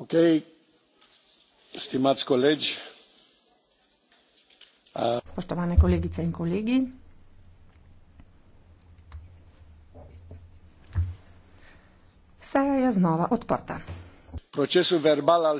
spoštovane kolegice in kolegi seja je znova odprta